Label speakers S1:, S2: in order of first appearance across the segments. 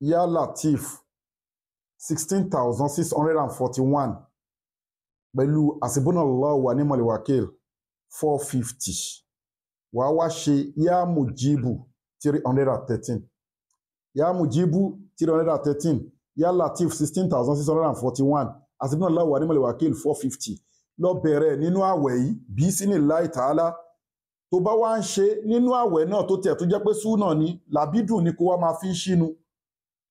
S1: ya lateef sixteen thousand six hundred and forty-one pẹ̀lú àṣìbọ́nàlọ́wọ́ wa ní mọ̀lẹ́wàkìl four fifty wàá wá ṣe ya mujibu three hundred and thirteen ya mujibu three hundred and thirteen ya lateef sixteen thousand six hundred and forty-one àṣìbọ́nàlọ́wọ́ wa ní mọ̀lẹ́wàkìl four fifty lọ bẹ̀rẹ̀ nínú àwẹ̀ yìí bí sínú láì tààlà tó bá wá ń ṣe nínú àwẹ̀ náà tó tiẹ̀ tó jẹ́ pé súnà ni làbídùn ni kó wá máa fi ń ṣínú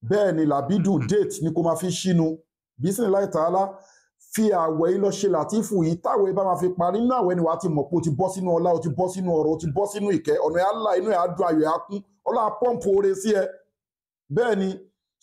S1: bẹ́ẹ̀ ni làbídùn date ni kó máa fi ṣínú bísíní láì tààlà fi àwẹ̀ yìí lọ ṣe làtífù yìí táwẹ̀ bá máa fi parí nínú àwẹ̀ ni wàá ti mọ̀ pé o ti bọ́ sínú ọlá o ti bọ́ sínú ọ̀rọ̀ o ti bọ́ sínú ìkẹ́ ọ̀nà ẹ̀ á là inú ẹ̀ á dùn ayọ̀ ẹ̀ á kún ọlá pọ́ǹpù oore sí ẹ bẹ́ẹ̀ ni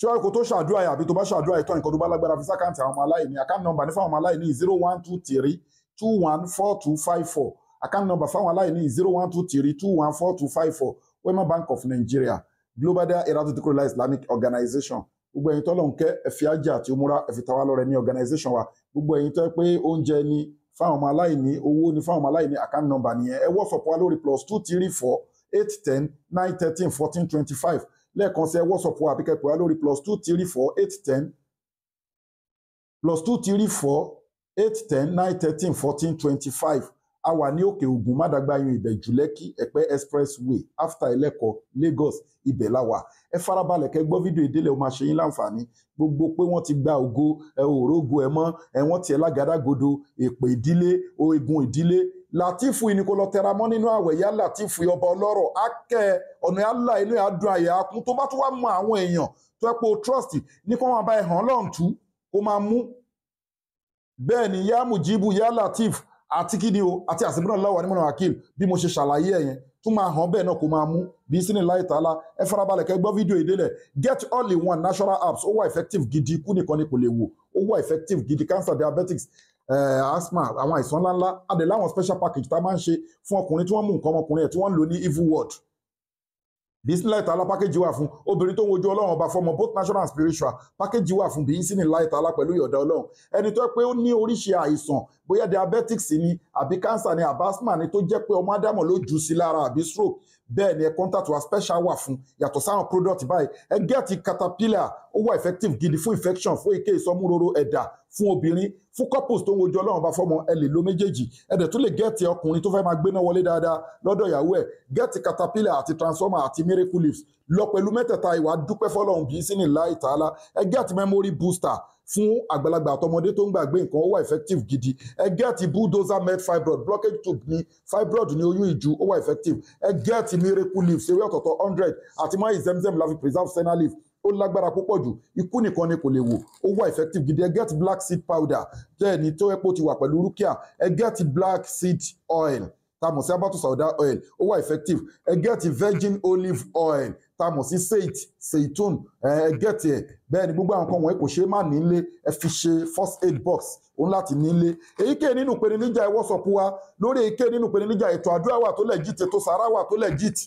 S1: ṣíwájú kò tó ṣàdúrà yìí àbí tó bá ṣàdúrà yìí tán nǹkan tó bá lágbára fi sákàǹtì àwọn ọmọ aláìní àkáǹtì nọ́mbà ní fáwọn ọmọ aláìní zero one two three two one four two five four àkáǹtì nọ́mbà fáwọn aláìní zero one two three two one four two five four Wema Bank of Nigeria Global Dahiratu Dhikrlahi Islamic Organization gbogbo ẹ̀yin tọ́lọ̀ ń kẹ́ ẹ̀fí ajé àti òmùra ẹ̀fí tàwa lọ́rẹ̀ ní organization wa gbogbo ẹ̀yin tẹ́ pé oúnjẹ ni fáwọn ọmọ aláìní owó ni fáwọn ọmọ aláìní account number nìyẹn ẹ wọ́sọ̀pọ̀ wa lórí plus two three four eight ten nine thirteen fourteen twenty five lẹ́ẹ̀kan sí ẹ wọ́sọ̀pọ̀ wa àbíkẹ́ pè plus two three four eight ten plus two three four eight ten nine thirteen fourteen twenty five a wà ní òkè ògùn mádàgbàyàn ìbẹ̀jú lẹ́kì ẹ̀pẹ́ expressway after ẹlẹ́kọ̀ lagos ibẹ̀ la wà ẹ farabalẹ̀ kẹ́ gbọ́ fídíò ìdílé ó máa ṣe yín láǹfààní gbogbo pé wọ́n ti gba ògo ẹ òrógo ẹ mọ́ ẹ wọ́n tiẹ̀ lágàdàgodo èpè ìdílé oegun ìdílé látìfù yìí ni kò lọ tẹra mọ́ nínú àwẹ̀ yá látìfù yìí ọba ọlọ́rọ̀ akẹ́ ọ̀nà yálà inú àdùn àyà akun tó bá tún wá mọ àwọn èèyàn tó ẹ pé o trust ní kó máa bá ẹ hàn lọ́ǹtú kó máa mú bẹ́ẹ̀ ni yá mujibu yá látìfù àti kí ni o àti àsìmúlò aláwọ̀ anímọ̀nà akil bí mo ṣe ṣàlàyé ẹ̀yẹn tún máa hàn bẹ́ẹ̀ náà kó máa mú bí sínú láì tààlà ẹ farabalẹ̀ kẹ́ gbọ́ fídíò ìdílẹ̀ get all in one natural apps ó wà effective gidi ikú nìkan ni kò lè wò ó wà effective gidi cancer diabetics eh, asthma àwọn àìsàn ńláńlá adè láwọn special package tá a máa ń ṣe fún ọkùnrin tí wọ́n mú nǹkan ọmọkùnrin ẹ̀ tí wọ́n ń lò ní evil world bisimilayi taala package wà fún obìnrin tó ń wojú ọlọ́run ọba fọmọ both natural and spiritual package wà fún bíyín sínú láì taala pẹ̀lú ìyọ̀dá ọlọ́run ẹni tó pé ó ní oríṣi àìsàn bóyá diabetics ni àbí cancer ni àbí asthma ni tó jẹ́ pé ọmọ ádámọ̀ ló jù sí lára àbí stroke bẹ́ẹ̀ ni contact wa special wà fún yàtọ̀ sáwọn product báyìí ẹ get caterpillar ó wà effective gidi fún infection fún èké ìsọmúroro ẹ̀dà fún obìnrin fún couples tó ń wojú ọlọ́run bá fọ́mọ ẹ lè lo méjèèjì ẹ dẹ̀ tún lè get ọkùnrin tó fẹ́ máa gbéná wọlé dáadáa lọ́dọ̀ ìyàwó ẹ̀ get caterpillar àti transformer àti miracle leaves lọ pẹ̀lú mẹ́tẹ̀ẹ̀ta ìwà dúpẹ́ fọlọ́run bíi sínú ìlà ìtàlá ẹgẹ́ àti memory booster fún àgbàlagbà àtọmọdé tó ń gbàgbé nǹkan ó wà effective gidi ẹgẹ́ àti bulldozer med fibroid blockage tube ni fibroid ni oyún ìju ó wà effective ẹgẹ́ àti miracle leaf ṣeré ọ̀tọ̀ọ̀tọ̀ hundred àti mayi zemzem la preserve senna leaf ó lágbára púpọ̀ jù ikú nìkan ni kò lè wò ó wà effective gidi ẹgẹ́ àti black seed powder bẹ́ẹ̀ ni tó ẹ̀pọ̀ ti wà pẹ̀lú rúkìá ẹgẹ́ àti black seed oil tá a mọ̀ sí Habatu Sauda oil ó wà effective ẹ gẹ́ẹ̀tì virgin olive oil tá a mọ̀ sí seit seitun ẹ gẹ́ẹ̀tì ẹ̀ bẹ́ẹ̀ ni gbogbo àwọn nǹkan wọ̀nyí kò ṣeé má nílé ẹ fi ṣe first aid box òun láti nílé èyíkéyìí nínú ìpèníjà ìwọ́sọ̀pù wa lórí èyíkéyìí nínú ìpèníjà ètò àdúrà wà tó legit ètò sàárà wà tó legit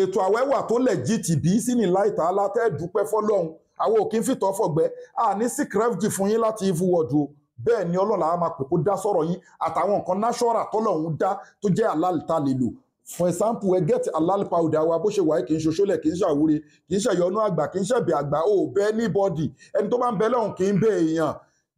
S1: ètò àwẹ̀ wà tó legit bí sínú láìta alátẹ́ẹ̀dúpẹ́ fọlọ́run àwọn òkè ń fìtọ́ fọ̀gbẹ́ àní sí crefg fún yín láti ivu wọ̀dù o bẹ́ẹ̀ ni ọlọ́run làwọn máa pè kó dá sọ̀rọ̀ yín àtàwọn nǹkan náṣọ́ra tọ́lọ́run dá tó jẹ́ àlálìta lè lò for example ẹ gẹ́tì alálùpà òdà wa bó ṣe wáyé kì í ṣe ṣólẹ̀ kì í ṣe àwúre kì í ṣe ìyọnú àgbà kì í ṣe ẹ̀bẹ̀ àgbà ò bẹ́ anybody ẹni tó bá ń bẹ lọ́hùn kì í bẹ èèyàn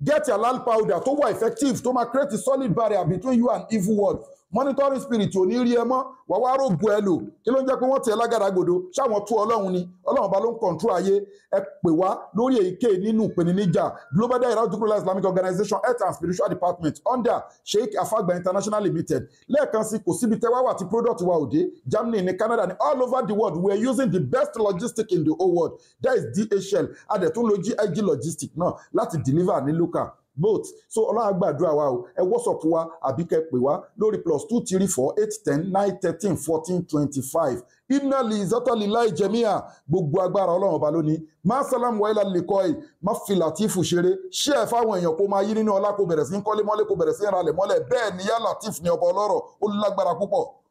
S1: gẹ́tì alálùpà òdà tó wà effective tó máa create a solid barrier between you and evil world monitoring spirit ò ní rí ẹ mọ́ wà wá rògbò ẹ lò kí ló ń jẹ́ pé wọ́n tiẹ̀ lágàdá gòdò ṣáwọn tú ọlọ́run ni ọlọ́run bá ló ń kọ̀ǹtró ayé ẹ pè wá lórí èyíkéyìí nínú ìpèníjà global Dahiratu Dhikrlahi islamic organization health and spiritual department under sheikh afagba international limited lẹ́ẹ̀kan sí kò síbi tẹ́ wá wà tí product wa òde germany ní canada ní all over the world we are using the best logistic in the whole world that is DHL adẹ̀tún lo GIG logistic náà láti deliver ní local both so ọlọ́run àgbàdúrà wa o ẹ WhatsApp wa àbí kẹ́ pè wá lórí plus two three four eight ten nine thirteen fourteen twenty five iná lè zátàlí láì jẹmíà gbogbo agbára ọlọ́run ọba lónìí má sálámù wáyé lálẹ́ kọ́ ẹ̀ má fi Latif ṣeré ṣé ẹ fáwọn èèyàn kó máa yí nínú ọlá kó bẹ̀rẹ̀ sí ń kọ́lé mọ́lé kó bẹ̀rẹ̀ sí ń ralẹ̀ mọ́lẹ̀ bẹ́ẹ̀ ni yá Latif ni ọba ọlọ́rọ̀ ó lágbára púpọ̀